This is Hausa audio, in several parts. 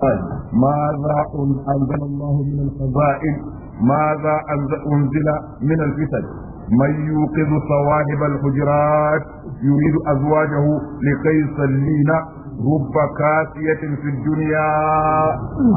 قال ماذا أنزل الله من الفضائل ماذا أنزل من الفتن من يوقظ صواحب الحجرات يريد أزواجه لكي يصلين رب كاسية في الدنيا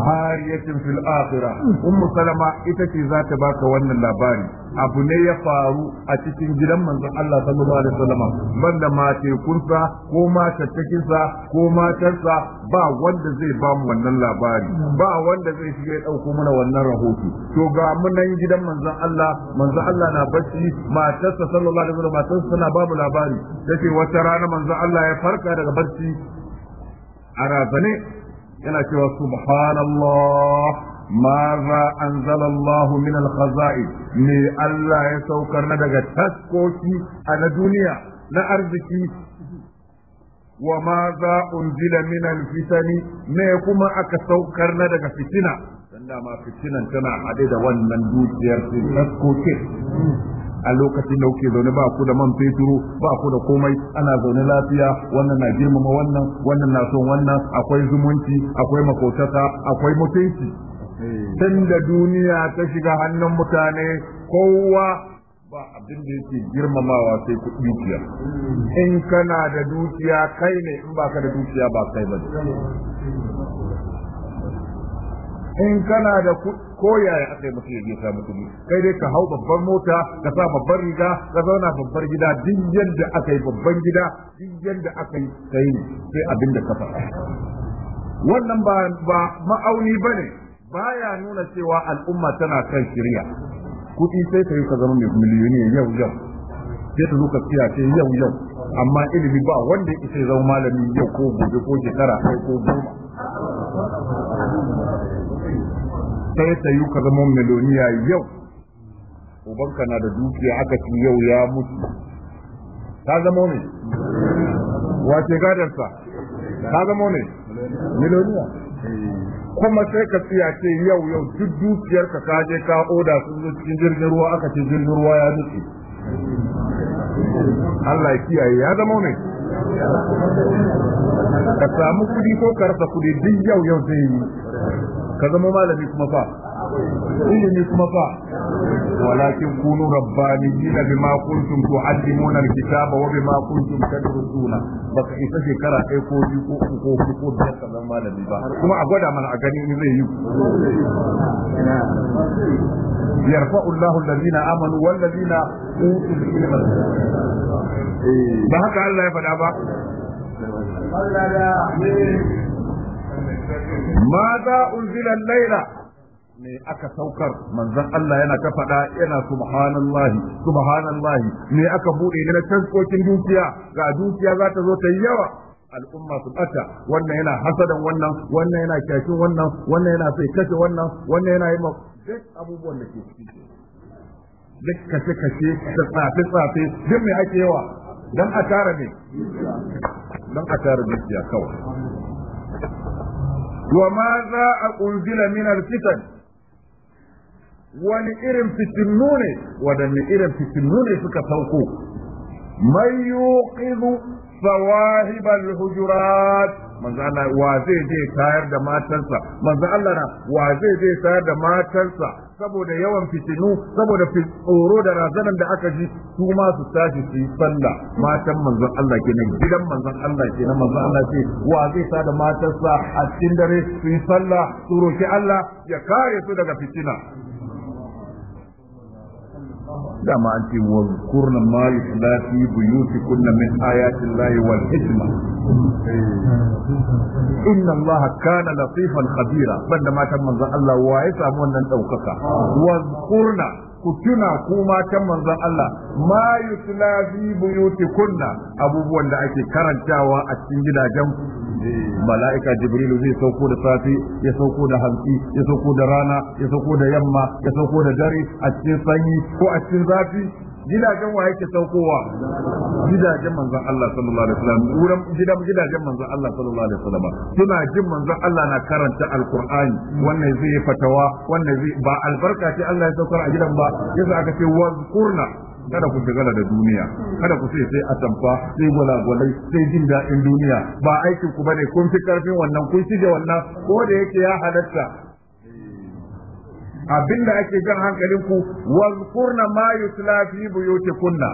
عارية في الآخرة أم سلمة إتتي ذات باك وأن اللاباري abu ne ya faru a cikin gidan manzon Allah sallallahu alaihi wasallam banda matekunsa ko matattakinsa ko matarsa ba wanda zai bamu mu wannan labari ba wanda zai shiga ya ɗauko mana wannan rahoto to ga mu gidan manzon Allah manzon Allah na bacci matarsa sallallahu alaihi wasallam matarsa tana babu labari yace wata rana manzo Allah ya farka daga barci a razane yana cewa subhanallah ماذا أنزل الله من Allah ya saukar na daga taskoki a na duniya na arziki wa ma za unzila min fitani? me kuma aka saukar na daga fitina dan da ma fitinan tana hade da wannan dukiyar taskoki a lokacin da kuke zaune ba ku da man fetur ba ku da komai ana zaune lafiya wannan na girmama wannan wannan na son wannan akwai zumunci akwai makotata akwai mutunci tun da duniya ta shiga hannun mutane kowa ba abin da yake girmamawa sai dukiya in kana da dukiya kai ne in baka da dukiya ba kai ba in kana da ko yaya aka yi mutum ya je samu kuɗi kai dai ka hau babbar mota ka sa babbar riga ka zauna babbar gida duk yadda aka yi babban gida duk yadda aka yi kai sai abin da ka faɗa wannan ba ba ma'auni bane baya nuna cewa al'umma tana kan shirya kuɗi sai ka yi ka zama miliyoni yau yau sai ta zo ka siya ce yau yau amma ilimi ba wanda ya isa zama malami yau ko gobe ko shekara ko goma sai ta yi ka zama meloniya yau ubanka na da dukiya aka ci yau ya mutu ta zama ne wace gadarsa ta zama ne meloniya kuma sai ka tsaya ce yau yau duk dukiyar ka ka je ka oda sun zo cikin jirgin ruwa aka ce jirgin ruwa ya nutse Allah ya kiyaye ya zama ne ka samu kudi ko karfa kudi duk yau yau zai yi ka zama malami kuma fa ilimi kuma fa walakin kunu rabbaniyina bima kuntum tu'allimuna alkitaba wa bima kuntum tadrusuna baka isa shekara kai ko biyu ko uku ko ko biyar ka zama malami ba kuma a gwada mana a gani in zai yi yarfa'u Allahu alladhina amanu wal ladina utul ilma eh, ba haka Allah ya faɗa ba za unzila laila me aka saukar manzon Allah yana ta faɗa yana subhanallahi subhanallahi me aka bude ne na taskokin dukiya ga dukiya za ta zo ta yi yawa al'umma su ɓata. wannan yana hasadan wannan wannan yana kyashin wannan wannan yana sai kashe wannan wannan yana yi duk abubuwan da ke ciki duk kashe kashe da tsafe tsafe duk me ake yawa dan a tara ne a tara dukiya kawai وماذا أنزل من الفتن wani irin fitinu ne waɗanne irin fitinu ne suka sauko mai yuqidu sawahibal hujurat manzo Allah wa zai je tayar da matarsa manzo Allah na wa zai je tayar da matarsa saboda yawan fitinu saboda tsoro da razanan da aka ji su ma su tashi su yi sallah matan manzon Allah kenan gidan manzon Allah kenan manzon Allah ce wa zai sa da matarsa a cikin dare su yi sallah su roki Allah ya kare su daga fitina dama an ce wa kurna mali lati buyuti kunna min ayati llahi wal hikma eh. inna allaha kana latifan khabira banda matan manzon Allah wa ya samu wannan daukaka wa kurna ku tuna ku matan manzon Allah ma yusla fi Kunna, abubuwan da ake karantawa a cikin gidajen mala'ika jibrilu zai sauko da safi ya sauko da hantsi ya sauko da rana ya sauko da yamma ya sauko da dare a cikin sanyi ko a cikin zafi gidajen wa yake saukowa gidajen manzon Allah sallallahu alaihi wasallam wurin gidan gidajen manzon Allah sallallahu alaihi wasallam suna jin manzon Allah na karanta alqur'ani wannan zai fatawa wannan zai ba albarka ce Allah ya saukar a gidan ba yasa aka ce wazkurna kada ku shigala da duniya kada ku sai a tamfa sai gwalagwalai sai jin daɗin duniya ba aikin ku bane kun fi karfin wannan kun shige wannan ko da yake ya halatta abinda ake jan hankalin ku wazkurna ma yutla fi buyutikunna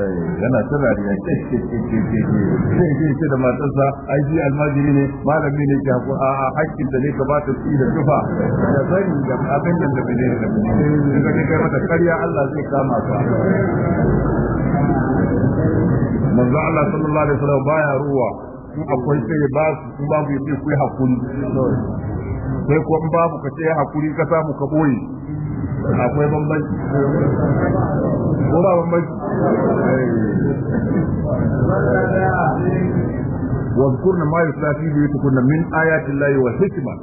eh, yana ta dariya ce ce ce da matarsa ai shi almajiri ne malami ne ke haku a hakkin da ne ka ba ta su da tufa da zani da abin da bai ne da bai ne kai mata karya Allah zai kama ka manzo Allah sallallahu alaihi wasallam baya ruwa akwai sai ba su babu yace ku hakuri sai ko in babu ka ce hakuri ka samu ka boye akwai bambanci ko ba bambanci واذكرن ما يتلى في بيوتكن من آيات الله والحكمة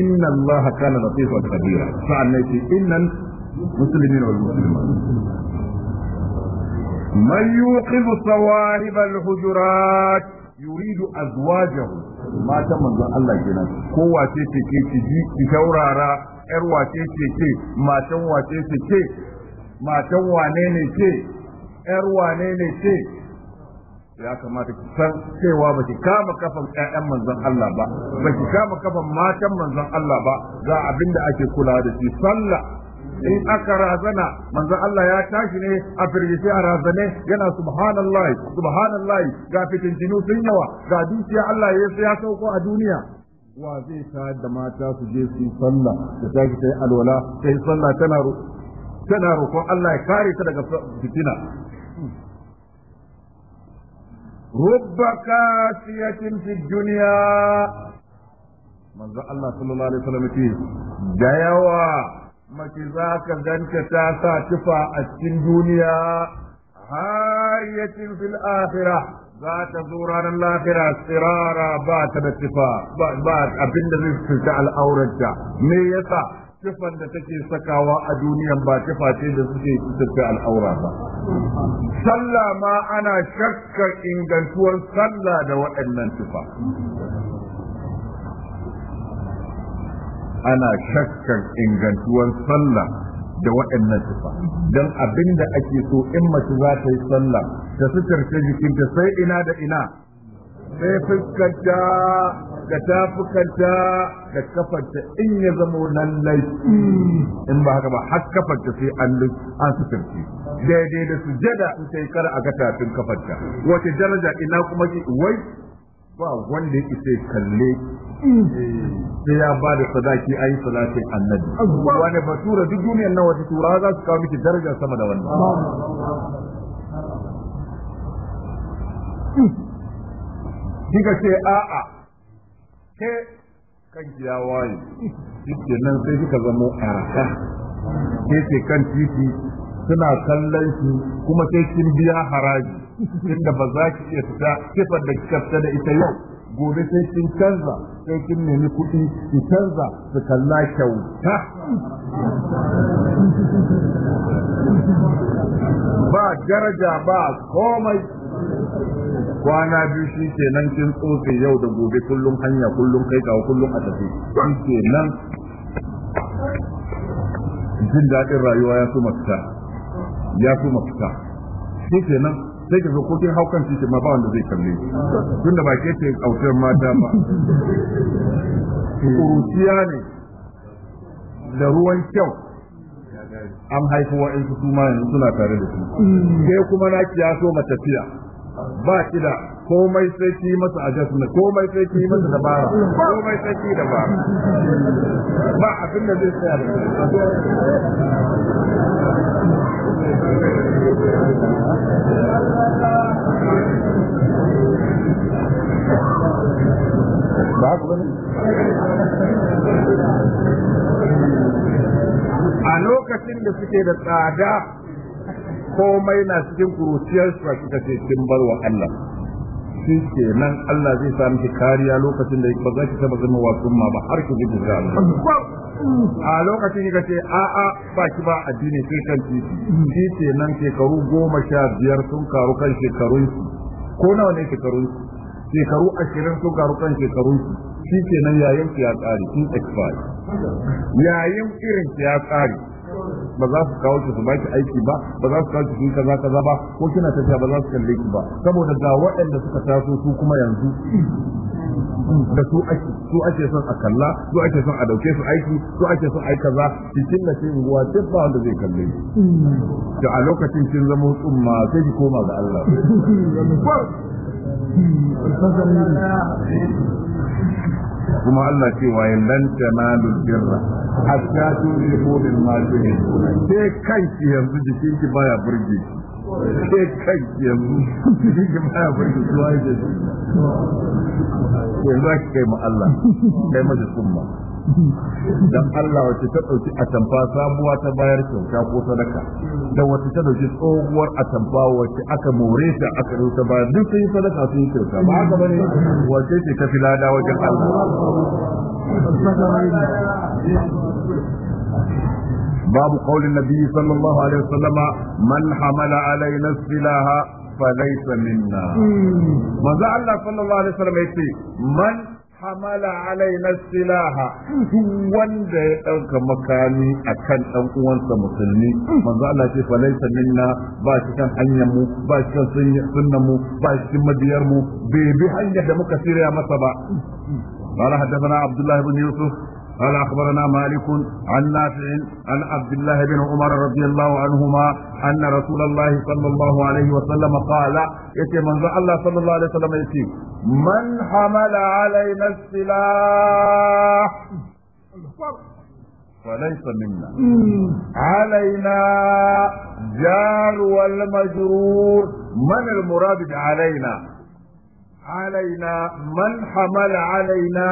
إن الله كان لطيفا خبيرا فعلنا إن المسلمين والمسلمات من يوقظ صواهب الحجرات يريد أزواجه matan manzon Allah kenan ko wace ce ke ki ji ki taurara yar wace ce ke matan wace ce ke matan wane ne ce yar wane ne ce ya kamata ki san cewa ba ki kama kafan ƴaƴan manzon Allah ba ba ki kama kafan matan manzon Allah ba ga abinda ake kula da shi sallah in aka razana manzo Allah ya tashi ne a firgice a razane yana subhanallahi subhanallahi ga fitintinu sun yawa ga dukiya Allah ya ya sauko a duniya wa zai tayar da mata su je su sallah da tashi sai alwala sai sallah tana tana ko Allah ya kare ta daga fitina رب كاسية fi الدنيا manzo Allah sallallahu alaihi wasallam ce da yawa mace za ka ganta ta sa tufa a cikin duniya hariyacin fil akhira za ta zo ranar lafira tsirara ba ta da tufa ba abin da zai fita al'aurarta me yasa tufan da take sakawa a duniyan ba tufa ce da suke fita al'aura ba sallah ma ana shakkar ingantuwar sallah da waɗannan tufa ana shakkan ingantuwar sallah da waɗannan sifa don abin da ake so in mace za ta yi sallah ta sutarce jikinta sai ina da ina sai fuskanta da tafukanta da kafanta in ya zamo nan laifi in ba haka ba har kafanta sai an an tarfe. daidai da sujada in yi kara a gatafin kafarta wace daraja ina kuma wai ba wanda yake sai kalle sai ya ba da sadaki ayi salatin annabi wani batura duk duniyar nan wata tura, za su kawo miki daraja sama da wannan kika ce a'a ke kanki ya waye shi nan sai kika zama arha ke ce kan titi suna kallon shi kuma sai kin biya haraji inda ba za ki iya fita sifar da kika fita da ita yau gobe sai kin canza sai kin nemi kuɗi ki canza su kalla kyauta ba daraja ba komai kwana biyu shi ke nan kin tsotse yau da gobe kullum hanya kullum kai kawo kullum a tafi shi ke nan jin daɗin rayuwa ya su mafita ya fi mafita shi nan sai ka zo ko kin hau kan ma ba wanda zai kalle tun da ba ke ce autar mata ba kuruciya ne da ruwan kyau an haifi wa'insu su ma yanzu suna tare da su sai kuma na kiyaso matafiya ba ki da komai sai ki masa adjustment komai sai ki masa dabara komai sai ki dabara ba abin da zai tsaya ba haka bane a lokacin da suke da tsada komai na cikin kuruciyar su a cikin barwa Allah shi ke nan Allah zai sa miki kariya lokacin da ba za ki taba zama wasu ma ba har ki ji da a lokacin ka ce a a ba ki ba addini sai kan titi shi ke nan shekaru goma sha biyar sun karu kan shekarun ko nawa ne shekarun shekaru ashirin sun karu kan shekarun shi ke nan yayin ki ya tsari in expire yayin irin ki ya tsari ba za su kawo ki su baki aiki ba ba za su kawo ki kaza kaza ba ko kina tafiya ba za su kalle ki ba saboda ga waɗanda suka taso su kuma yanzu da su ake su ake son a kalla su ake son a dauke su aiki su ake son ai kaza cikin na cikin ruwa duk ba wanda zai kalle ki a lokacin kin zama tsumma sai ki koma ga Allah kuma Allah wa ya lan tanalu birra hatta tunfiqu mimma tuhibbuna sai kanki yanzu ki baya burge ke kanki yanzu ki baya burge ki waje yanzu ake kai ma Allah kai da summa dan Allah wace ta dauki atamfa sabuwa ta bayar kyauta ko sadaka da wace ta dauki tsohuwar atamfa wace aka more ta aka dauka bayar duk sun sadaka sun kyauta ba haka bane wace ce ta filada wajen Allah باب قول النبي صلى الله عليه وسلم من حمل علينا السلاح فليس منا ماذا الله صلى الله عليه وسلم يقول من hamala na silaha duk wanda ya ɗauka makami a kan ɗan uwansa musulmi manzo Allah ce fa laysa minna ba shi kan hanyar mu ba shi kan sunnan mu ba shi madiyar mu bai bi hanyar da muka shirya masa ba قال حدثنا عبد الله بن يوسف قال أخبرنا مالك عن نافع عن عبد الله بن عمر رضي الله عنهما أن رسول الله صلى الله عليه وسلم قال يتي من الله صلى الله عليه وسلم يتي من حمل علينا السلاح فليس منا علينا جار والمجرور من المراد علينا علينا من حمل علينا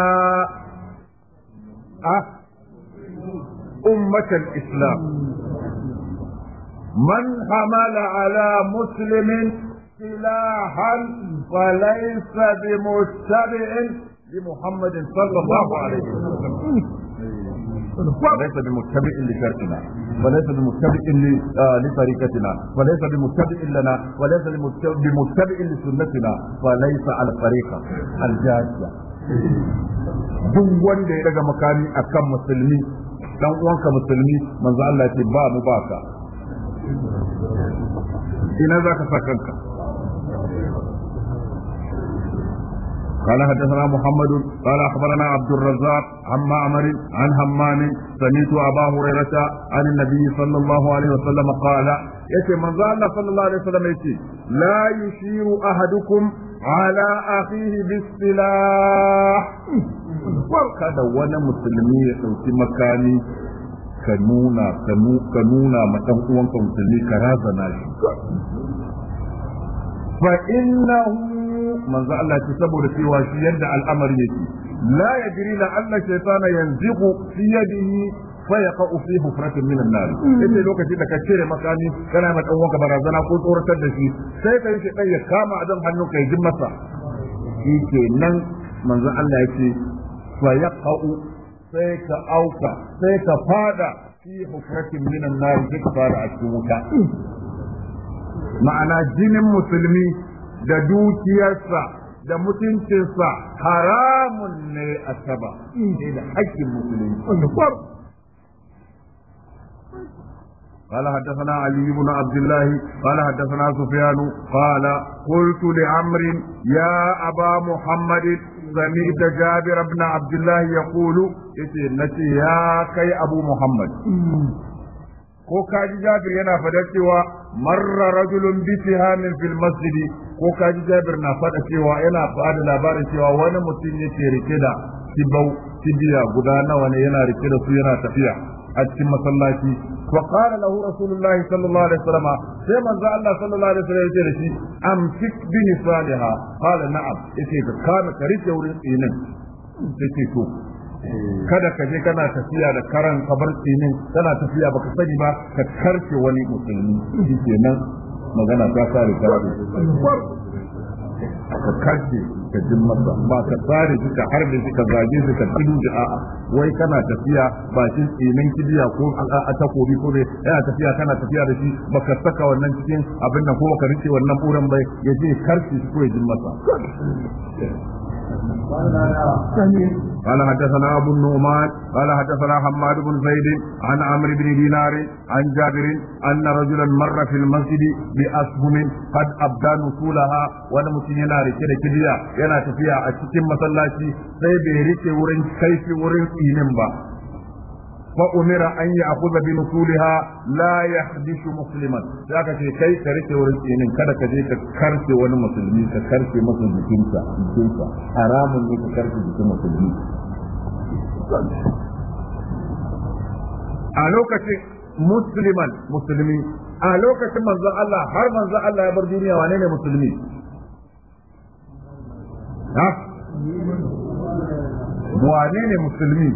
أمة الإسلام من حمل على مسلم سلاحا فليس بمتبع لمحمد صلى الله عليه وسلم وليس بمتبع لشركنا وليس بمتبع آه، لطريقتنا وليس بمتبع لنا وليس بمتبع لسنتنا فليس على الطريقة الجادة duk wanda ya daga makami a kan musulmi dan uwanka musulmi manzo Allah ce ba mu ba ka ina za ka sa kanka قال حدثنا محمد قال اخبرنا عبد الرزاق عن معمر عن همام سمعت ابا هريره عن النبي صلى الله عليه وسلم قال يتي من الله صلى الله عليه وسلم يتي لا يشير احدكم ala akhihi bisilah kada wani musulmi ya dauki makami ka nuna ma dan uwanka musulmi ka razana shi fa innahu manzo Allah ce saboda cewa shi yadda al'amari yake la yajri la anna shaytana yanziqu fi yadihi fa yaqa'u fi hufratin min an-nar yace lokacin da ka cire makami kana ma dan waka barazana ko tsoratar da shi sai ka yi dan ya kama adam hannun ka yi masa shi kenan manzon Allah yace fa yaqa'u sai ka auka sai ka fada fi hufratin min an-nar fara a cikin wuta ma'ana jinin musulmi da dukiyarsa da mutuncinsa haramun ne a saba ne da haƙƙin musulmi. قال حدثنا علي بن عبد الله قال حدثنا سفيان قال قلت لعمر يا أبا محمد سمعت جابر بن عبد الله يقول نتي يا كي أبو محمد ko kaji Jabir yana fadar cewa marra rajulun bi sihamin fil masjid ko kaji Jabir na fada cewa yana bada labarin cewa wani mutum yake rike da tibau tibiya guda nawa ne yana rike da su yana tafiya a cikin masallaci wa qala lahu rasulullah sallallahu alaihi wasallam sai manzo Allah sallallahu alaihi wasallam yace da shi amsik bi nisaliha qala na'am yace ka kana ka rike wurin tsinin yace to kada ka je kana tafiya da karan kabar tsinin kana tafiya baka sani ba ka karce wani musulmi shikenan magana ta kare ta ka karce ka masa ba ka tsare shi ka harbe shi ka zage shi ka tudu da a'a wai kana tafiya ba shi tsinin kibiya ko al'a takobi ko ne yana tafiya kana tafiya da shi baka saka wannan cikin abin nan ko baka rike wannan buran bai ya je karfi ko ya jin masa قال حدثنا ابو النعمان قال حدثنا حماد بن زيد عن عمرو بن دينار عن جابر ان رجلا مر في المسجد باسهم قد ابدى نصولها وانا مسلمنا ركده da kibiya تفيا tafiya a cikin masallaci sai bai rike wurin فأمر أن يأخذ بنصولها لا يحدث مسلما ذاك في كي كرك ورسين كذا كذي كرك ون مسلمين كرك مسلم جنسا جنسا حرام من كرك جنسا مسلمين a lokacin musliman musulmi a lokacin manzon Allah har manzon Allah ya bar duniya wane ne musulmi ha wane ne musulmi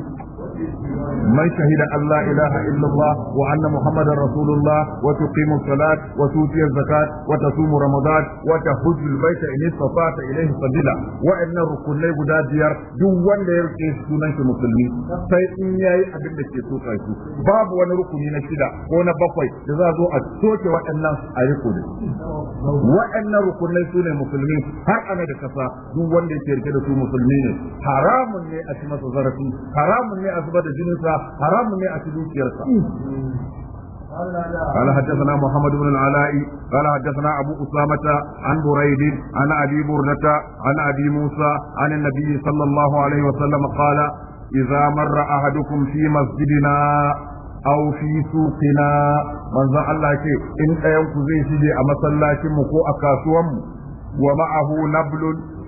من شهد أن لا إله إلا الله وأن محمدا رسول الله وتقيم الصلاة وتؤتي الزكاة وتصوم رمضان وتحج البيت إن استطعت إليه سبيلا وإن الركن لا يبدا ديار دوان لا يلقي سنن المسلمين فإن يأي أبن لكي سوطايكو باب وان ركن نشدا وان بقوي جزا زو أتوك وإن أركن وإن ركن لا يسون المسلمين هر أنا دكسا دوان لا يتركي لسو مسلمين حرام ne a ci masa zarafi haramun ne a zuba da jinin mutuncinsa haramun ne a ci dukiyarsa قال حدثنا محمد بن العلاء قال حدثنا أبو أسامة عن بريد عن أبي بردة عن أبي موسى عن النبي صلى الله عليه وسلم قال إذا مر أحدكم في مسجدنا أو في سوقنا من ذا الله كي إن أيوك زي شدي أما صلى كم ومعه نبل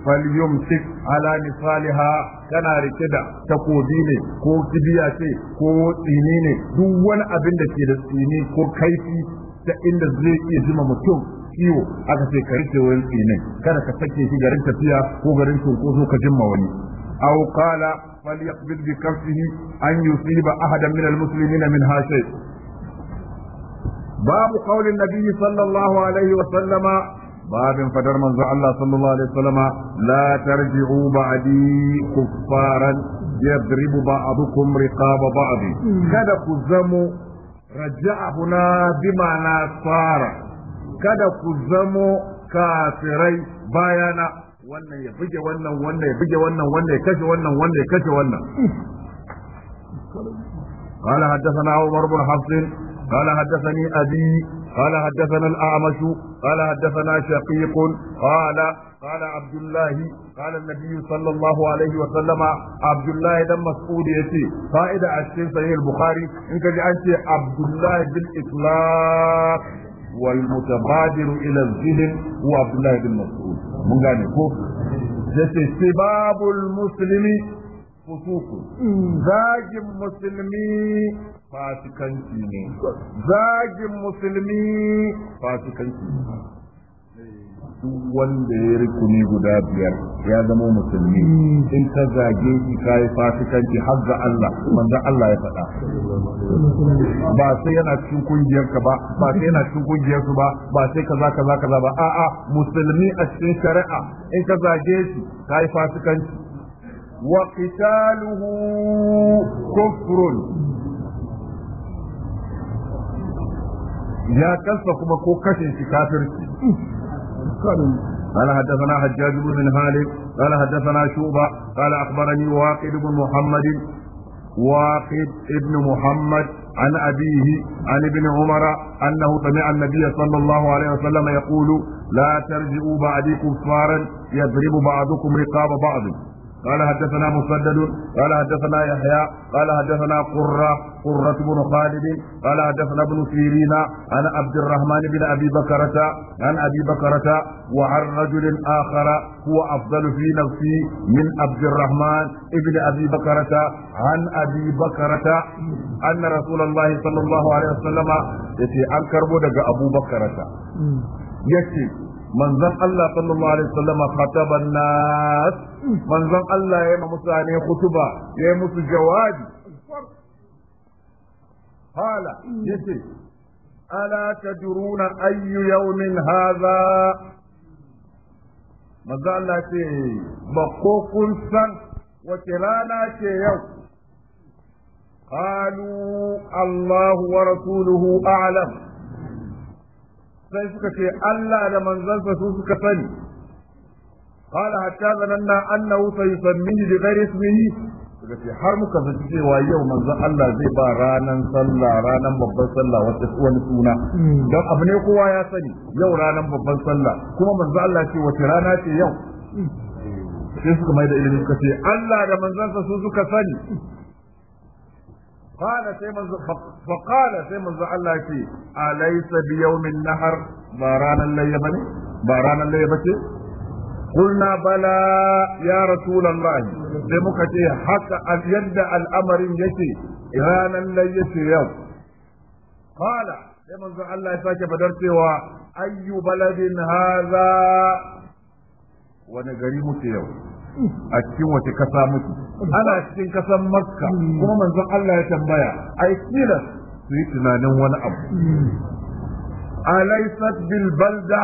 falyumsik ala misaliha kana rike da takobi ne ko kibiyace, ko tsini ne duk wani abin da ke da tsini ko kaifi ta inda zai iya jima mutum ciwo aka ce ka rike wani tsinin kada ka sake shi garin tafiya ko garin cunkoso ka jimma wani أو قال فليقبض بكفه أن يصيب أحدا من المسلمين منها شيء باب قول النبي صلى الله عليه وسلم babin fadar manzo Allah sallallahu alaihi wasallama la tarji'u ba'di kuffaran yadribu ba'dukum riqaba ba'd kada ku zamo raja'una bima nasara kada ku zamo kafirai bayana wannan ya buge wannan wannan ya buge wannan wannan ya kashe wannan ya kashe wannan قال حدثنا عمر بن حفص قال حدثني أبي قال حدثنا الأعمش قال حدثنا شقيق قال قال عبد الله قال النبي صلى الله عليه وسلم عبد الله بن مسعود يتي فائدة عشرين صحيح البخاري إنك جعلت عبد الله بالإطلاق والمتبادر إلى الذهن هو عبد الله بن مسعود من قال سباب المسلم فسوق زاج المسلمين fasikanci ne zagin musulmi fasikanci ne duk wanda ya rikuni guda biyar ya zama musulmi in ka zage shi ka yi fasikanci har ga Allah wanda Allah ya faɗa ba sai yana cikin ka ba ba sai yana cikin kungiyar su ba ba sai kaza kaza kaza ba a'a musulmi a cikin shari'a in ka zage shi ka yi fasikanci wa qitaluhu kufrun ya kansa kuma ko kashin shi kafirci قال حدثنا حجاج بن خالد قال حدثنا شوبة قال أخبرني واقد بن محمد واقد ابن محمد عن أبيه عن ابن عمر أنه سمع النبي صلى الله عليه وسلم يقول لا ترجعوا بعدي كفارا يضرب بعضكم رقاب بعض قال حدثنا مسدد قال حدثنا يحيى قال حدثنا قرة قرة بن خالد قال حدثنا ابن سيرين عن عبد الرحمن بن أبي بكرة عن أبي بكرة وعن رجل آخر هو أفضل في نفسي من عبد الرحمن ابن أبي بكرة عن أبي بكرة أن رسول الله صلى الله عليه وسلم يتي أنكر أبو بكرة يتي manzon Allah sallallahu alaihi wasallam khataban nas manzon Allah ya ma mutane khutuba ya musu jawabi qala yace ala tadruna ayyu yawmin hadha manzon Allah ce ba ko kun san wace rana ce yau قالوا الله ورسوله أعلم sai suka ce Allah da manzansa su suka sani قال حتى ظننا انه bi ghairi ismihi suka ce har muka zaci cewa yau manzon Allah zai ba ranan sallah ranan babban sallah wata wani suna don abu ne kowa ya sani yau ranan babban sallah kuma manzon Allah ce wace rana ce yau sai suka mai da ilimi suka ce Allah da manzansa su suka sani qala sai manzo fa qala sai manzo Allah ce alaysa bi yawmin nahar ba ranan layya bane ba ranan layya bace قلنا بلى يا رسول sai muka ce haka yadda al'amarin yake ranar layyace yau qala sai manzo Allah ya sake badar cewa ayyu baladin hadha wani gari muke yau a cikin wace kasa muke ana cikin kasan makka kuma manzon Allah ya tambaya ai kila su yi tunanin wani abu alaysat bil balda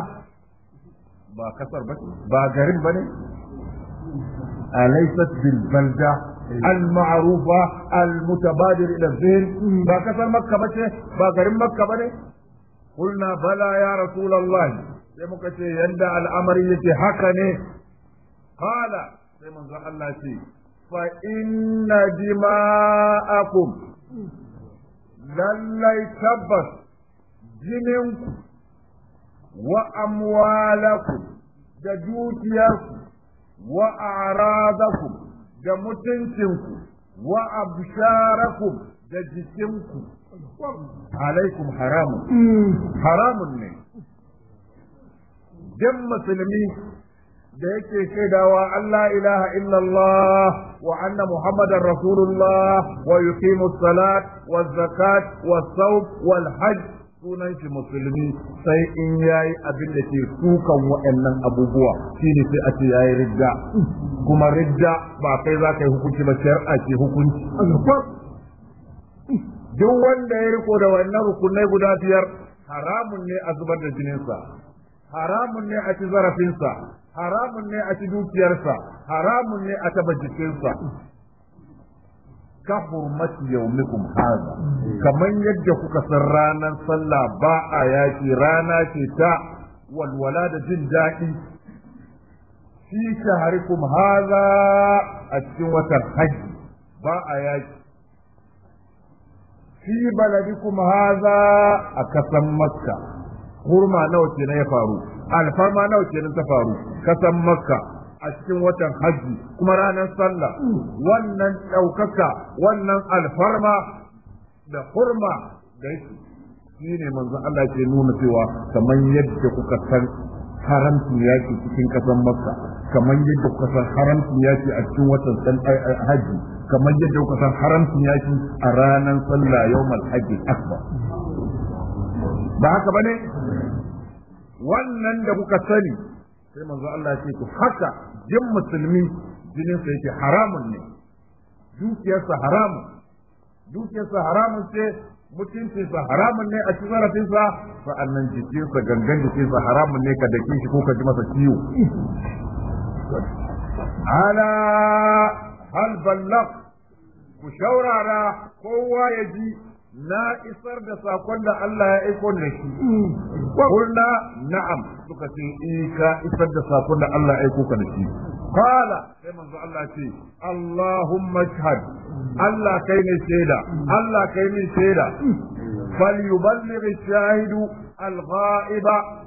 ba kasar ba ba garin ba ne alaysat bil balda المعروفة Ba إلى makka ba ce. Ba garin makka ba ne. بلى Bala ya rasulullahi sai muka ce yadda al'amari yake haka ne, Hala. sai manzo Allah ce fa inna dima'akum lallai tabbas jininku wa amwalakum da dukiyarku wa aradakum da mutuncinku wa absharakum da jikinku alaikum haramun mm. haramun ne duk musulmi da yake shaidawa Allah ilaha illallah wa anna Muhammadar Rasulullah wa yuqimu salat wa zakat wa sawm wal hajj sunan shi musulmi sai in yayi abin da ke sukan wa'annan abubuwa shine sai a ce yayi ridda kuma ridda ba kai za ka yi hukunci ba shar'a ke hukunci duk wanda ya riko da wannan rukunai guda biyar haramun ne a zubar da jininsa haramun ne a ci zarafinsa haramun ne a ci dukiyarsa haramun ne a taba jikinsa ka hurmati yaumikum haza kamar yadda kuka san ranar sallah ba a yaki rana ce ta walwala da jin daɗi fi shaharikum haza a cikin watan hajji ba a yaki fi baladikum haza a kasan makka hurma nawa ke na ya faru alfarma nawa kenan ta faru kasan makka a cikin watan hajji kuma ranar sallah wannan ɗaukaka wannan alfarma da hurma da yake shi ne manzon Allah ke nuna cewa kamar yadda kuka san haramcin yaki cikin kasan makka kamar yadda kuka san haramcin yaki a cikin watan eh, eh, hajji kamar yadda kuka san haramcin yaki a ranar sallah yawmal hajji akbar ba haka bane wannan da kuka sani sai manzo Allah ce ku haka jin musulmi jinin sa yake haramun ne dukiyarsa haramun dukiyarsa haramun ce sa haramun ne a cikin zarafinsa sa'annan jikinsa gangan jikinsa haramun ne ka dake shi ko ka ji masa ciwo ala hal ballaq ku shaurara kowa ya ji na isar da sakon da Allah ya aiko da shi kulna mm. na'am suka ce eh ka isar da sakon da Allah ya aiko ka da shi kala sai manzo Allah ce Allahumma shahad Allah kai ne shaida mm. Allah kai ne shaida mm. falyuballigh shahidu al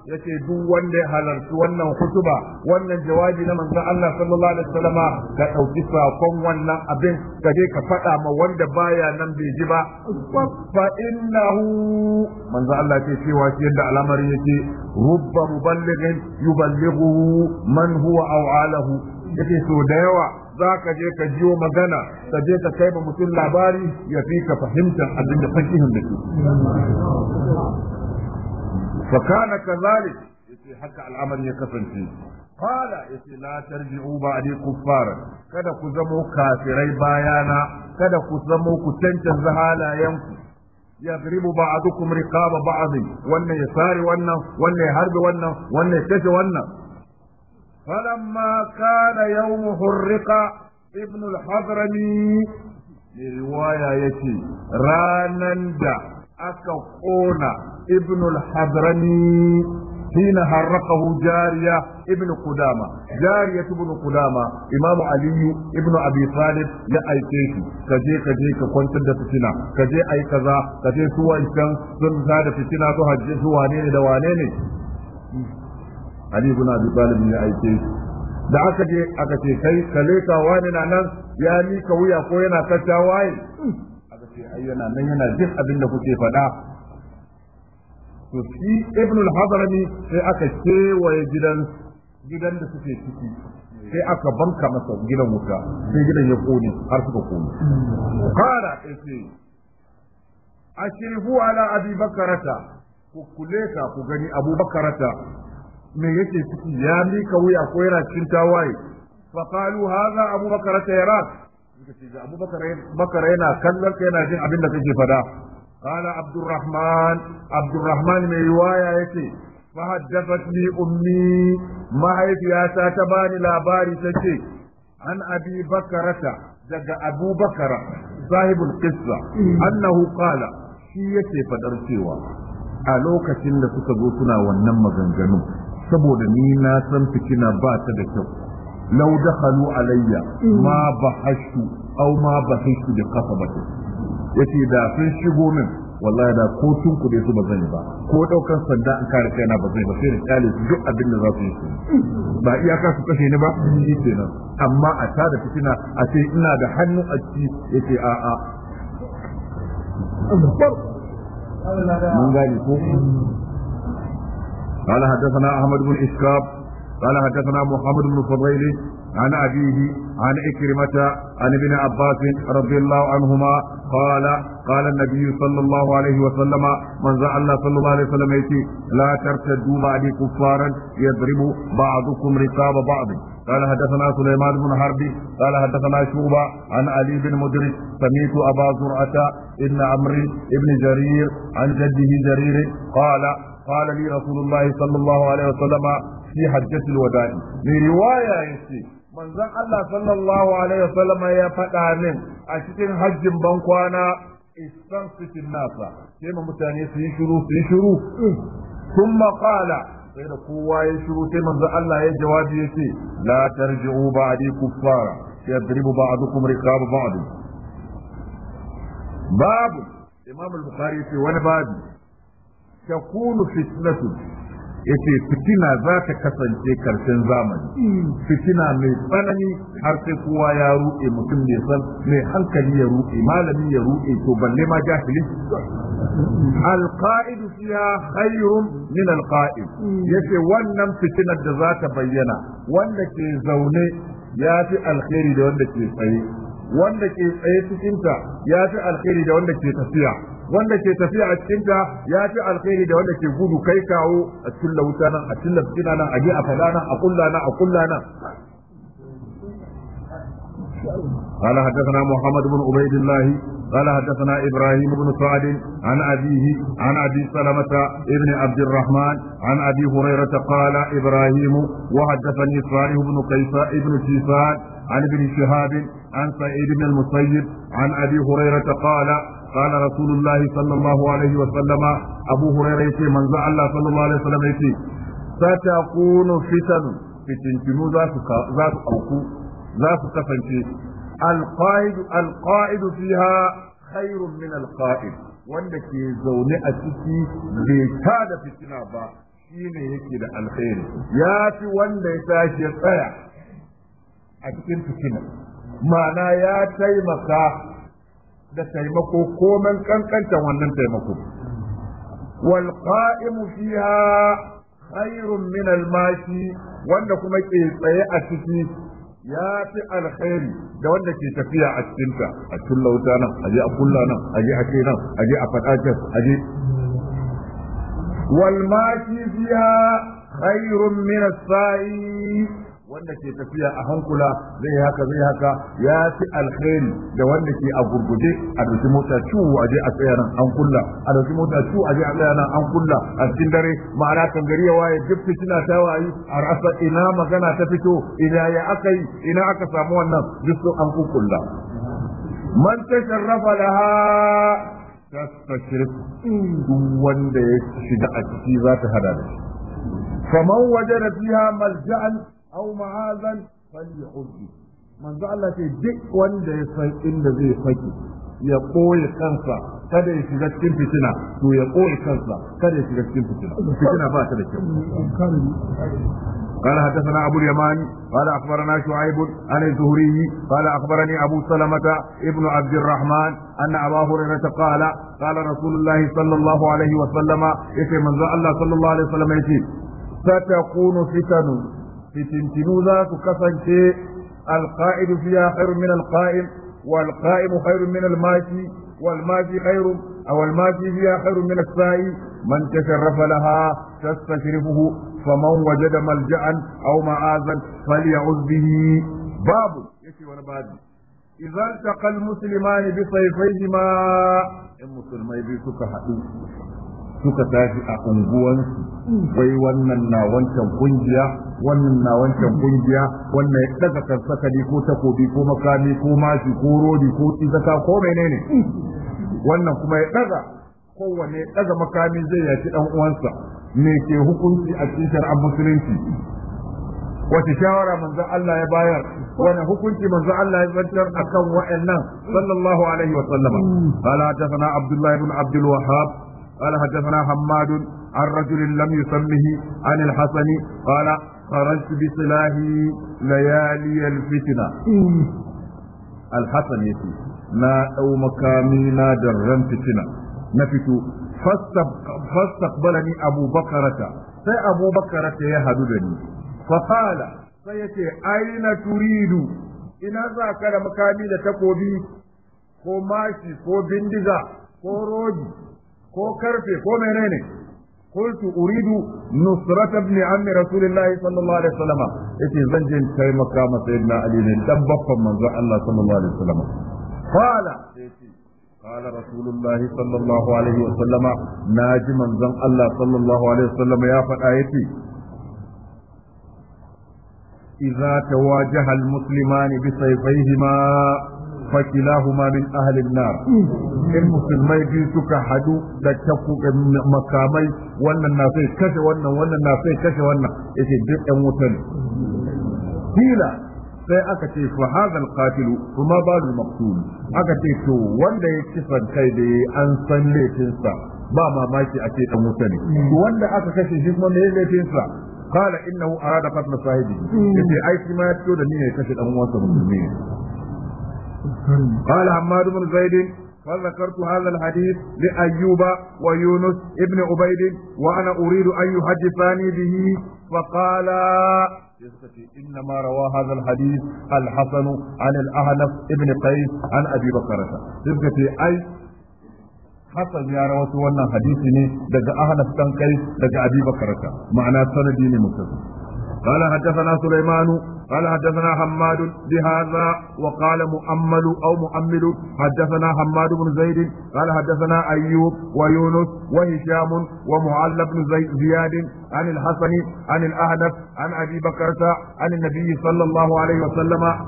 yace duk wanda ya halarci wannan hutuba wannan jawabi na manzon Allah sallallahu alaihi wasallama ka dauki sakon wannan abin ka je ka faɗa ma wanda baya nan bai ji ba fa innahu manzon Allah ce cewa shi yadda al'amari yake rubba muballighin yuballighu man huwa aw'alahu yake so da yawa za ka je ka jiyo magana ka je ka kai ma mutum labari ya fi ka fahimtar abin da fakihin da fa kana kazalik yace haka al'amari ya kasance qala yace la tarji'u ba'di kuffara kada ku zamo kafirai bayana kada ku zamo ku cancanza halayenku yadribu ba'dukum riqaba ba'd wannan ya sare wannan wannan ya harbe wannan wannan ya kashe wannan falamma kana yawm hurriqa ibn al-hadrami riwaya yace ranan da aka kona ابن الحضرمي حين حرقه جارية ابن قدامة جارية ابن قدامة امام علي ابن ابي طالب يا أي كيشي كجي كجي ككون تد فتنة كجي اي كذا كجي سوى إسان سن زاد فتنة تهجي سوانين دوانين علي ابن ابي طالب يا أي كيشي da aka je aka ce kai kale ka wani na nan ya mika wuya ko yana kacca waye aka ce ai nan yana jin abin da kuke faɗa to shi ibn al-hadrami sai aka kewaye gidan gidan da suke ciki sai aka banka masa gidan wuta sai gidan ya kone har suka kone fara ce ashrihu ala abi bakarata ku kule ka ku gani abu bakarata me yake ciki ya mika wuya ko yana cikin tawaye fa qalu hadha abu bakarata yarak suka ce abu bakara yana kallon yana jin abin da kake fada قال عبد الرحمن عبد الرحمن من رواية يتي فحدثتني أمي ما هي في تباني لاباري تتي عن أبي بكرة daga Abu Bakara sahibul qissa annahu qala shi yake fadar cewa a lokacin da suka zo suna wannan maganganu saboda ni na san fitina ba ta da kyau law dakhalu alayya ma bahashu aw ma bahishu bi qasabati yace da sun shigo min wallahi da ko tun ku su ba zan yi ba ko daukan sanda an kare kai na ba zai ba sai da kyale su duk abin da za su yi su ba iyaka su kashe ni ba shi kenan amma a da fitina a ce ina da hannu a ciki yace a a من ذلك قال حدثنا احمد بن اسحاق قال حدثنا محمد بن فضيل عن أبيه عن إكرمة عن ابن عباس رضي الله عنهما قال قال النبي صلى الله عليه وسلم من زعل الله صلى الله عليه وسلم يتي لا ترتدوا بعدي كفارا يضرب بعضكم رقاب بعض قال حدثنا سليمان بن حرب قال حدثنا شوبة عن علي بن مدرك سميت أبا زرعة ابن عمرو ابن جرير عن جده جرير قال قال لي رسول الله صلى الله عليه وسلم في حجة الوداع برواية يسي manzon Allah sallallahu alaihi wasallam ya faɗa min a cikin hajjin bankwana cikin nasa sai ma mutane su yi shiru su yi shiru thumma maƙala sai da kowa ya shiru sai manzon Allah ya jawabi yace la tarji'u ba'di kuffara dribu ba'dukum riqab ba'd babu imam al-bukhari ce wani babu takunu fitnatun yace fitina za ta kasance karshen zamani hmm. fitina mai tsanani har sai kowa ya ruɗe mutum ne san mai hankali ya ruɗe malami ya ruɗe to balle ma jahili hmm. alqa'id fiha khairun min alqa'id hmm. yace wannan fitinar da za ta bayyana wanda ke zaune ya fi alkhairi da wanda ke tsaye wanda ke tsaye cikinta ya fi alkhairi da wanda ke tafiya wanda ke tafiya a cikin ta ya fi alkhairi da wanda ke gudu kai kawo a cikin lauta nan a cikin lafina nan a je a fada nan a kulla nan a kulla nan قال حدثنا محمد بن عبيد الله قال حدثنا ابراهيم بن سعد عن ابيه عن ابي سلمه ابن عبد الرحمن عن ابي هريره قال ابراهيم وحدثني صالح بن قيساء بن شيسان عن ابن شهاب عن سعيد بن المسيب عن ابي هريره قال قال رسول الله صلى الله عليه وسلم أبو هريرة من الله صلى الله عليه وسلم ستكون فتن فتنتمو ذات أوكو ذات كفنتي القائد القائد فيها خير من القائد wanda ke zaune a ciki bai ta da fitina ba shine yake da alkhairi ya fi wanda ya tashi ya tsaya a cikin fitina ma'ana ya taimaka da taimako komen kankantan wannan taimako wal fiha khairun min al mashi wanda kuma ke tsaye a ciki ya fi alkhairi da wanda ke tafiya a cikinta a kulla nan a je a kulla nan a je a ce nan a je a faɗa can a je Walmashi fiha khairun min sai wanda ke tafiya a hankula zai haka zai haka ya fi alkhairi da wanda ke a gurguje a dauki mota ciwo a je a tsaya nan an kulla a dauki mota ciwo a je a tsaya nan an kulla a cikin dare ma'ana kan gari ya waye duk fitina ta wayi a rasa ina magana ta fito ina ya aka yi ina aka samu wannan duk sun an kulla man tasharrafa laha tasfashirif duk wanda ya shiga a ciki za ta hada da shi فمن وجد فيها ملجأ aw ma'azan falyu'zi manzo Allah ce duk wanda ya san inda zai faki ya koyi kansa kada ya shiga cikin fitina to ya koyi kansa kada ya shiga cikin fitina fitina ba ta da kyau قال حدثنا أبو اليمان قال أخبرنا شعيب عن الزهري قال أخبرني أبو سلمة ابن عبد الرحمن أن أبا هريرة قال قال رسول الله صلى الله عليه وسلم يتي من الله صلى الله عليه وسلم يتي ستكون فتن في تنتنوذا تكسن شيء القائد فيها خير من القائم والقائم خير من الماجي والماجي خير او الماجي فيها خير من السائي من تشرف لها تستشرفه فمن وجد ملجا او معاذا فليعوذ به باب اذا التقى المسلمان بصيفيهما المسلمين سكة حدو سكا تاجي اقنقوان ويوانا ناوانشا قنجيا wannan na wancan kungiya wannan ya daga karsakali ko takobi ko makami ko mashi ko rodi ko tsaka ko menene wannan kuma ya daga kowanne ya daga makami zai yaki dan uwansa me ke hukunci a cikin shar'an musulunci wace shawara manzo Allah ya bayar wani hukunci manzo Allah ya zantar akan wa'annan sallallahu alaihi wa sallama qala hadathana abdullah ibn abdul wahhab qala hadathana hammad عن رجل لم يسمه عن الحسن قال خرجت بسلاحي ليالي الفتنة الحسن يتي نا أو مكامينا درن فتنة نفتو فاستقبلني أبو بكرة سي أبو بكرة يهددني فقال سيتي أين تريد إن ذاك مكامي لتقوبي كو ماشي كو بندزا كو روجي كو كرفي كو menene قلت أريد نصرة ابن عم رسول الله صلى الله عليه وسلم إتي زنجين كي مقام سيدنا علي دبقا من الله صلى الله عليه وسلم قال قال رسول الله صلى الله عليه وسلم ناجي من زن الله صلى الله عليه وسلم يا فتايتي إذا تواجه المسلمان بسيفيهما fakilahuma min ahlin nar in musulmai biyu suka hadu da taku makamai wannan na sai kashe wannan wannan na sai kashe wannan yace wuta ne sai aka ce fa hadha alqatil kuma balu maqtul aka ce to wanda ya kisan kai da an san laifinsa ba mamaki a ce ɗan wuta ne wanda aka kashe shi kuma me laifinsa قال انه اراد yace صاحبه يجي اي ما to da ni ne kashe dan uwansa musulmi قال حماد بن زيد فذكرت هذا الحديث لأيوب ويونس ابن عبيد وأنا أريد أن يحدثاني به فقال إنما روى هذا الحديث الحسن عن الأهنف ابن قيس عن أبي بكرة أي Hassan ya rawaito wannan hadisi ne daga Ahnaf dan kai daga Abi Bakarata ma'ana sanadi ne mutum قال حدثنا سليمان قال حدثنا حماد بهذا وقال مؤمل أو مؤمل حدثنا حماد بن زيد قال حدثنا أيوب ويونس وهشام ومعل بن زياد عن الحسن عن الأهدف عن أبي بكرة عن النبي صلى الله عليه وسلم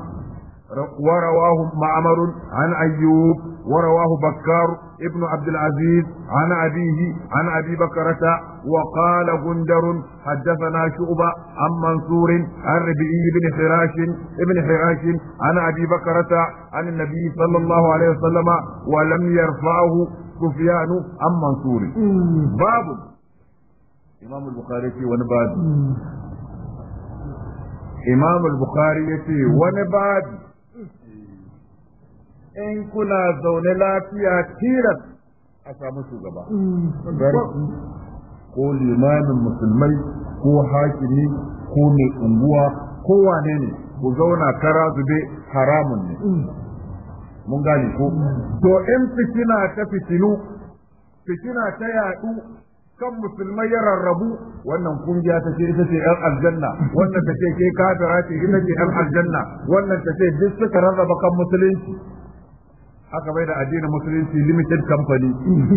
ورواه معمر عن أيوب ورواه بكار ابن عبد العزيز عن أبيه عن أبي بكرة وقال غندر حدثنا شعبة عن منصور عن ربيعي بن حراش ابن حراش عن أبي بكرة عن النبي صلى الله عليه وسلم ولم يرفعه سفيان عن منصور باب إمام البخاري في ونباد إمام البخاري في ونباد in kuna zaune lafiya tiras a samu shugaba ko limanin musulmai ko hakimi ko mai unguwa ko wane ne ku zauna kara zube haramun ne mun gane ko to in fitina ta fitinu fitina ta yaɗu kan musulmai ya rarrabu wannan kungiya ta ce ita ce yan aljanna wannan ta ce ke kafira ce ita ce yan aljanna wannan ta ce duk suka rarraba kan musulunci aka bai da addinin musulunci limited company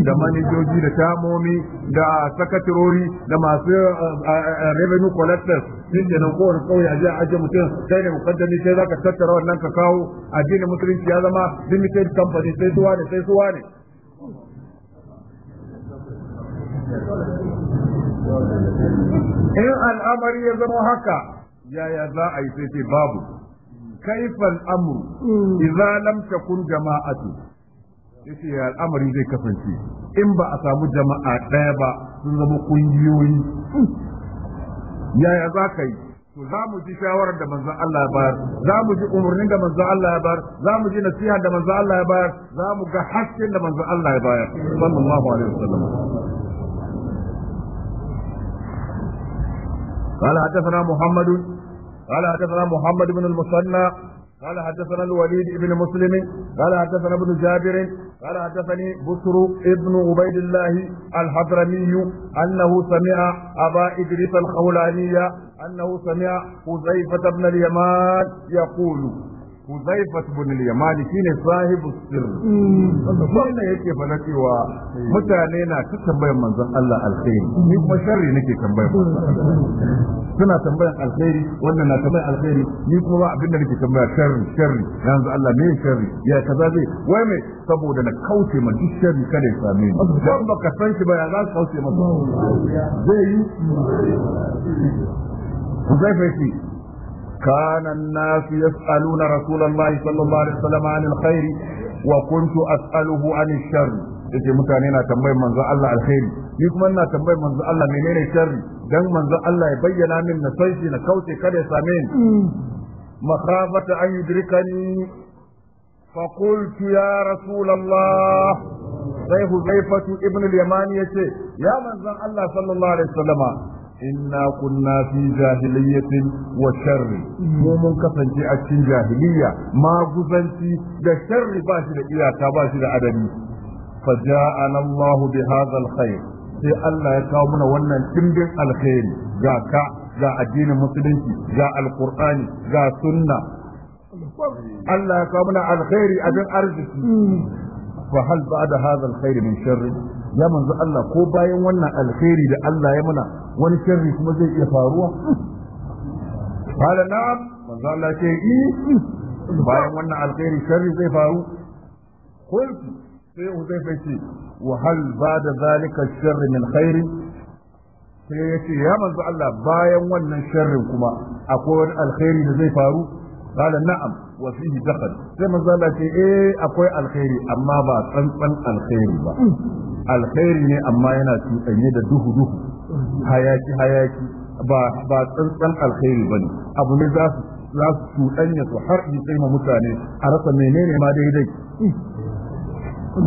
da manajoji da tamomi da sakatirori da masu eh, eh, eh, revenue collectors sun ke nan kowane kauye a jiya ajiye mutum sai ne mukaddami sai za ka tattara wannan ka kawo addinin musulunci ya zama limited company sai suwa ne sai suwa ne in al'amari ya zama haka yaya za a yi sai babu kaifa al'amru mm. idza lam takun jama'atu yace ya al'amari zai kasance in ba a samu jama'a ɗaya ba sun zama kungiyoyi yaya za ka yi to za mu ji shawarar da manzon Allah ya bayar za mu ji umarnin da manzon Allah ya bayar za mu ji nasiha da manzon Allah ya bayar za mu ga hasken da manzon Allah ya bayar sallallahu alaihi wasallam قال حدثنا محمد قال حدثنا محمد بن المثنى قال حدثنا الوليد بن مسلم قال حدثنا ابن جابر قال حدثني بشر ابن عبيد الله الحضرمي انه سمع ابا ادريس الخولاني انه سمع حذيفه بن اليمان يقول Huzaifat bin al-Yamani shine sahibu sirr. Wannan yake fara cewa mutane na ta tambayar manzon Allah alkhairi, ni kuma sharri nake tambayar manzon Suna tambayar alkhairi, wannan na tambayar alkhairi, ni kuma ba abinda nake tambaya sharri, sharri. Yanzu Allah me sharri? Ya kaza zai wai me saboda na kauce ma duk sharri kada ya same ni. Dan baka san shi ba ya za kauce masa. Zai yi. كان الناس يسألون رسول الله صلى الله عليه وسلم عن الخير وكنت أسأله عن الشر yace mutane na tambayar manzon Allah alkhairi ni kuma ina tambayar manzon Allah menene sharri dan manzon Allah ya bayyana min na san na kauce kada ya same ni makhafata an yudrikani fa qultu ya rasulullah sai Huzaifatu ibn al-Yamani ya manzon Allah sallallahu alaihi inna kunna fi jahiliyyatin wa sharri mu mun kasance a cikin jahiliya maguzanci da sharri ba shi da iyaka ba shi da adami fa ja'ana Allahu bi hadha sai Allah ya kawo mana wannan dimbin alkhairi ga ka ga addinin musulunci ga alqur'ani ga sunna Allah ya kawo mana alkhairi abin arziki fa hal ba'da hadha alkhair min sharri ya manzo Allah ko bayan wannan alkhairi da Allah ya muna wani sharri kuma zai iya faruwa qala na'am manzo Allah ce yi bayan wannan alkhairi sharri zai faru qultu sai Huzaifa ce wa hal da zalika sharri min khairin sai ya ce ya manzo Allah bayan wannan sharrin kuma akwai wani alkhairi da zai faru qala na'am wa fihi dakhal sai manzo Allah ce eh akwai alheri amma ba tsantsan alheri ba alkhairi ne amma yana cuɗanye da duhu duhu hayaki hayaki ba ba tsantsan alkhairi bane abu ne za su za su cuɗanya su har yi sai mutane a rasa menene ma daidai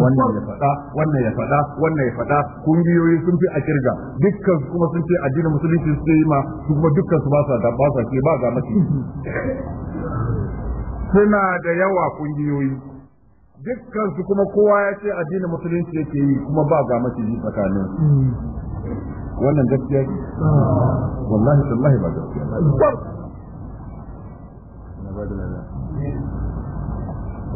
wannan ya faɗa wannan ya faɗa wannan ya faɗa kungiyoyi sun fi a kirga dukkan kuma sun ce addinin musulunci su yi ma kuma dukkan su ba sa da ba sa ke ba ga mace suna da yawa kungiyoyi dukkan su kuma kowa ya ce addinin musulunci yake yi kuma ba ga mace maciji tsakanin hmm. wannan gaskiya ne ah. wallahi sallahi ba gaskiya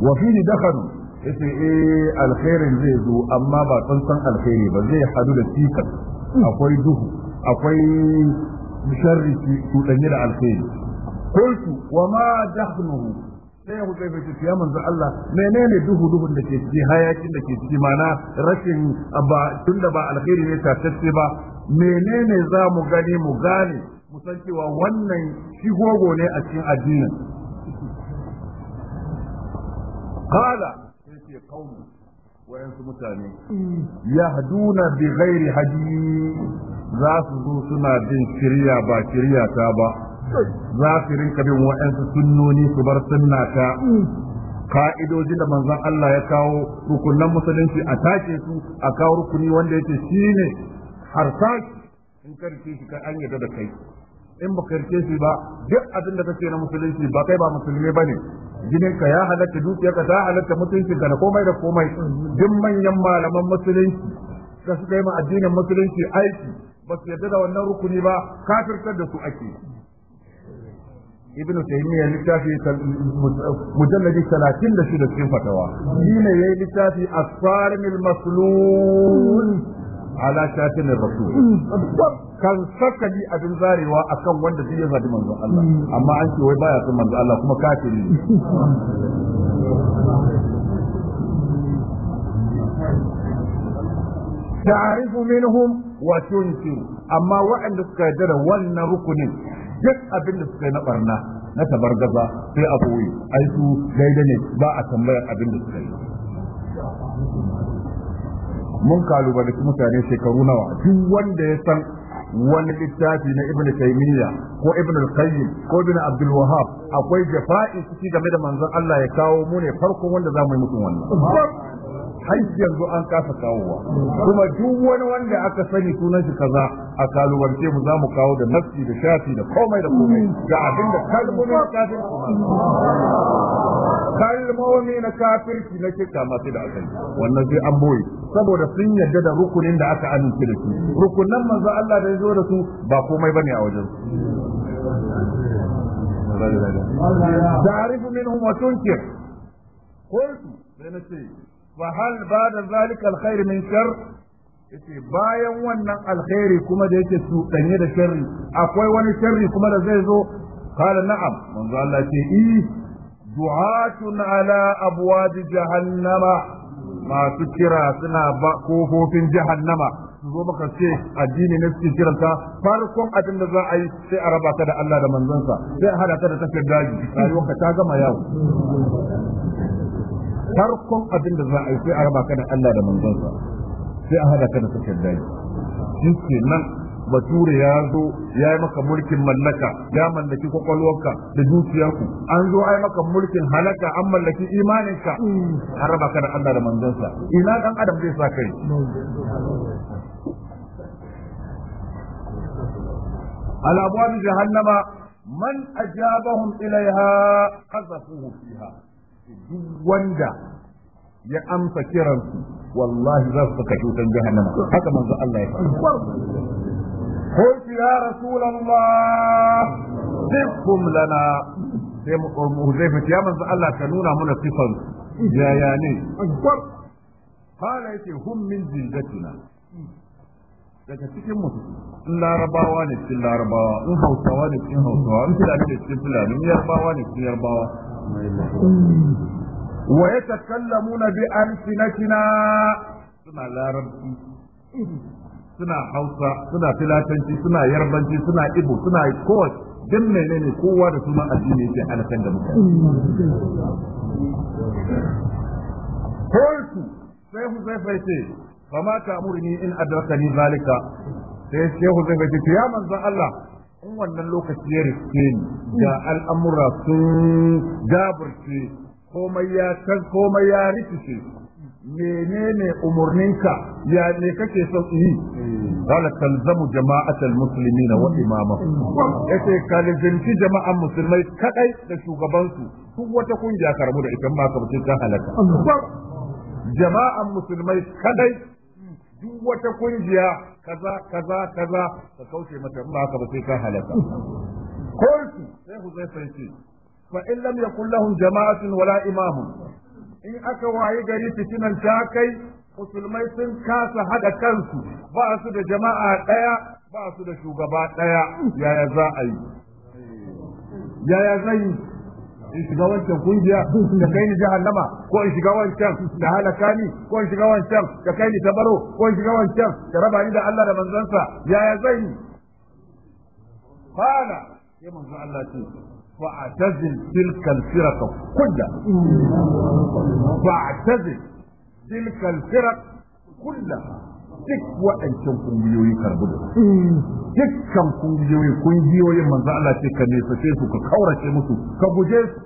wa ni dakhalu yace eh alkhairin zai zo amma ba tsantsan alkhairi ba zai hadu da tikar hmm. akwai duhu akwai sharri tudanye da alkhairi qultu wa ma dakhnuhu sai zai ce ya manzo Allah menene duhu duhu da ke ciki hayakin da ke ciki mana rashin ba tunda ba alheri ne tatacce ba menene za mu gani mu gane mu san cewa wannan shigogo ne a cikin addinin Kala sai ce wayan wayansu mutane ya bi ghairi hadi za su zo suna bin shirya ba shirya ta ba za su rinka bin wa'ansu sunnoni su bar sunna ta mm. ka'idoji da manzon Allah ya kawo rukunan musulunci a take su a kawo rukuni wanda yake shine harsashi in karke shi kan an da kai in ba karke shi ba duk abin da kake na musulunci ba kai ba musulmi bane jinin ka ya halatta ka ta halatta mutunci ka da komai da komai duk manyan malaman musulunci da suka yi ma addinin musulunci aiki ba su yarda da wannan rukuni ba kafirtar da su ake ibnu taymiya littafi mujalladi 36 cikin fatawa shine yayi littafi asfarimil maslul ala shatin rasul kan saka ni abin zarewa akan wanda zai zabi manzo Allah amma an ce wai baya son manzo Allah kuma kafiri ne ta'rifu minhum wa tunkiru amma wa'anda suka yarda da wannan rukunin duk abin da suka yi na barna na tabargaza sai a boye ai su daidai ne ba a tambayar abin da suka yi mun su mutane shekaru nawa duk wanda ya san wani littafi na ibn taymiya ko ibn al-qayyim ko ibn abdul wahhab akwai jafa'i suke game da manzon Allah ya kawo mu ne farko wanda za mu yi mutum wannan har yanzu an kasa kawowa kuma duk wani wanda aka sani sunan shi kaza a kalubalce mu za mu kawo da nafsi da shafi da komai da komai ga abin da na kafin kalmomi na kafirci na kika masu da aka yi wannan sai an boye saboda sun yarda da rukunin da aka amince da su rukunan manzo Allah da ya zo da su ba komai bane a wajen تعرف منهم وتنكر sai na ce fa hal da zalika alkhair min shar yace bayan wannan alkhairi kuma da yake su danye da sharri akwai wani sharri kuma da zai zo kala na'am manzo Allah ce i du'atun ala abwab jahannama masu kira suna ba kofofin jahannama su zo maka ce addini ne suke kiranta farkon abin da za a yi sai a raba ta da Allah da manzansa sai a hada ta da tafiyar daji rayuwarka ta gama yawo farkon abin da za a yi sai a raba ka da Allah da manzonsa sai a hada ka da su daji shi ke nan bature ya zo ya yi maka mulkin mallaka ya mallaki kwakwalwarka da zuciyarku an zo ai maka mulkin halaka an mallaki imaninka A raba ka da Allah da manzonsa ina dan adam zai sa kai al abwab jahannama man ajabahum ilaiha qazafuhu fiha wanda ya amsa kiransu wallahi za su saka cutar jahannama haka manzo Allah ya Rasulallah, faɗa قلت sai mu الله صفهم لنا حذيفة يا من الله كنونا من صفا يا ياني قال هم من جلدتنا daga cikin mutum in larabawa ne cikin larabawa in hausawa ne cikin hausawa in fulani ne cikin fulani in yarbawa ne cikin yarbawa wa yatakallamuna bi an suna larabci suna hausa suna filatanci suna yarbanci suna ibo suna kowace dan menene kowa da suna addini yake alakan da mutane qultu sai huzaifa ce, fa ma ta'muruni in adrakani zalika sai shehu zai ce ya manzon Allah in wannan lokaci ya riske ni ga al'amura sun gaburce komai ya kan komai ya rikice menene umurninka ya ne kake son yi qala talzamu jama'atal muslimina wa imamahum yace ka lazimci jama'an musulmai kadai da shugabansu duk wata kungiya karamu da ita ma ka ta halaka jama'an musulmai kadai duk wata kungiya kaza kaza kaza ka kauce mata in ba haka ba sai ka halaka shi sai zai yace fa in lam yakul lahum jama'atun wala imamun in aka wayi gari fitinan ta kai musulmai sun kasa hada kansu ba su da jama'a daya ba su da shugaba daya yaya za a yi yaya zai in shiga wancan kungiya da kai ni jahannama ko in shiga wancan da halaka ni ko in shiga wancan da kai ni tabaro ko in shiga wancan da raba ni da Allah da manzansa yaya zai yi kana ya manzo Allah ce fa'tazil tilka al-firqa kulla fa'tazil tilka al-firqa kullaha duk waɗancan kungiyoyi karbu da dukkan kungiyoyi kungiyoyin manzo Allah ce ka ce su ka kaurace musu ka guje su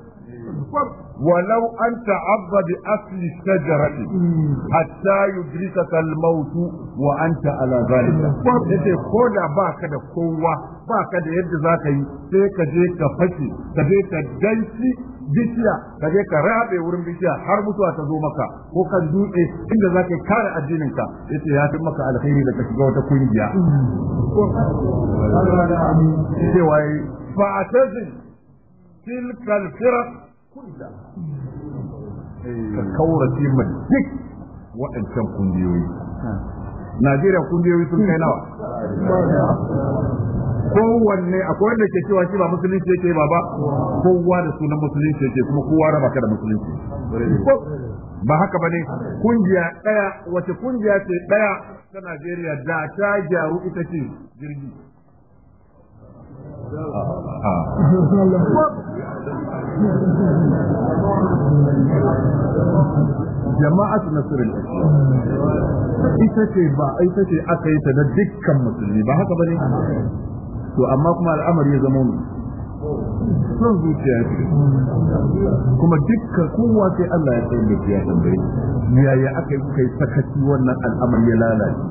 ولو أن تعض بأصل الشجرة حتى يدركك wa وأنت على ذلك yace ko da baka da kowa baka da yadda za ka yi sai ka je ka fashe ka je ka danci bishiya ka je ka rabe wurin bishiya har mutuwa ta zo maka ko kan dutse inda za ka kare addinin ka yace ya fi maka alkhairi da ka shiga wata kungiya cewa fa'tazil tilka alfirq kulla ka kaurace ma duk waɗancan kungiyoyi Najeriya kungiyoyi sun kai nawa kowanne akwai wanda ke cewa shi ba musulunci yake ba ba kowa da sunan musulunci yake kuma kowa raba ka da musulunci ba haka bane kungiya daya wace kungiya ce daya ta Najeriya da ta gyaru ita ce jirgi jama'atu nasirin ita ce ba ita ce aka yi ta na dukkan musulmi ba haka bane to amma kuma al'amari ya zama mu son zuciya ce kuma dukkan kowa sai Allah ya tsaye da ya tambaye yaya aka yi kai sakaci wannan al'amari ya lalace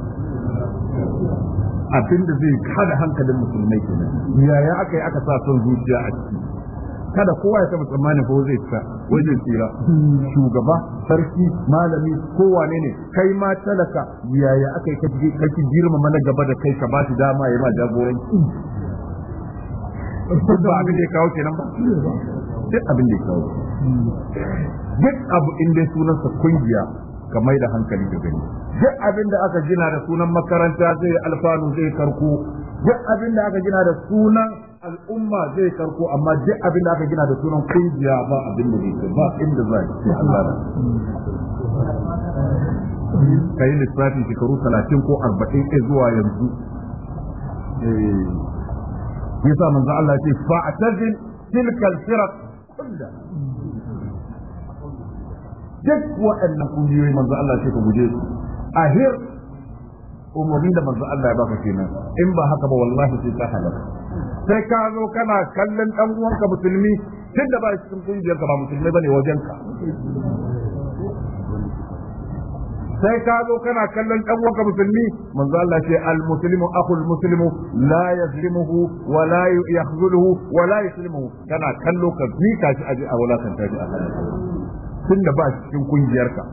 abinda zai kada hankalin musulmai kenan yaya aka aka sa son zuciya a ciki kada kowa ya taba tsammanin ko zai fita wajen tsira shugaba sarki malami kowa ne ne kai ma talaka yaya aka yi kake girma mana gaba da kai ka ba shi dama ya ma jagoranci ba abin da ya kawo kenan ba duk abin da ya kawo duk abu inda sunansa kungiya ka mai da hankali da gani duk abin da aka gina da sunan makaranta zai alfanu zai karko duk abin da aka gina da sunan al'umma zai karko amma duk abin da aka gina da sunan kungiya ba abin da zai ba inda zai sai Allah da kai lissafi shekaru 30 ko 40 zuwa yanzu eh yasa manzo Allah ya ce fa'tazil tilka al-firaq kullaha duk waɗannan kungiyoyi manzo Allah ce ka guje su ahir umarni da manzo Allah ya baka kenan in ba haka ba wallahi sai ka halaka sai ka zo kana kallon dan uwanka musulmi duk da ba cikin kungiyar ka ba musulmi bane wajen ka sai ka zo kana kallon dan uwanka musulmi manzo Allah ce al muslimu akhul muslimu la yazlimuhu wa la yakhzuluhu wa la yuslimuhu kana kallo ka mika shi aje a wulakan ta ji Allah tun da ba cikin kungiyarka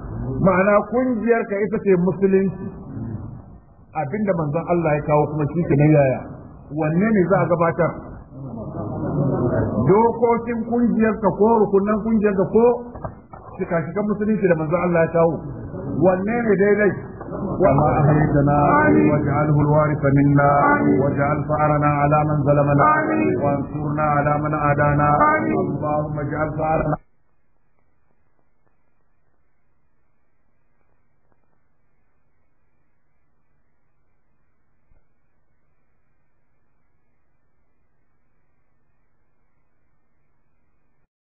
ma'ana kungiyarka ita ce musulunci abinda manzon Allah ya kawo kuma shi ne yaya wanne ne za a gabatar dokokin kungiyarka ko rukunan kungiyarka ko shika-shikan musulunci da manzon Allah ya kawo wanne ne daidai وما أهلتنا واجعله الوارث منا واجعل فأرنا على من ظلمنا وانصرنا على من عادانا اللهم اجعل فأرنا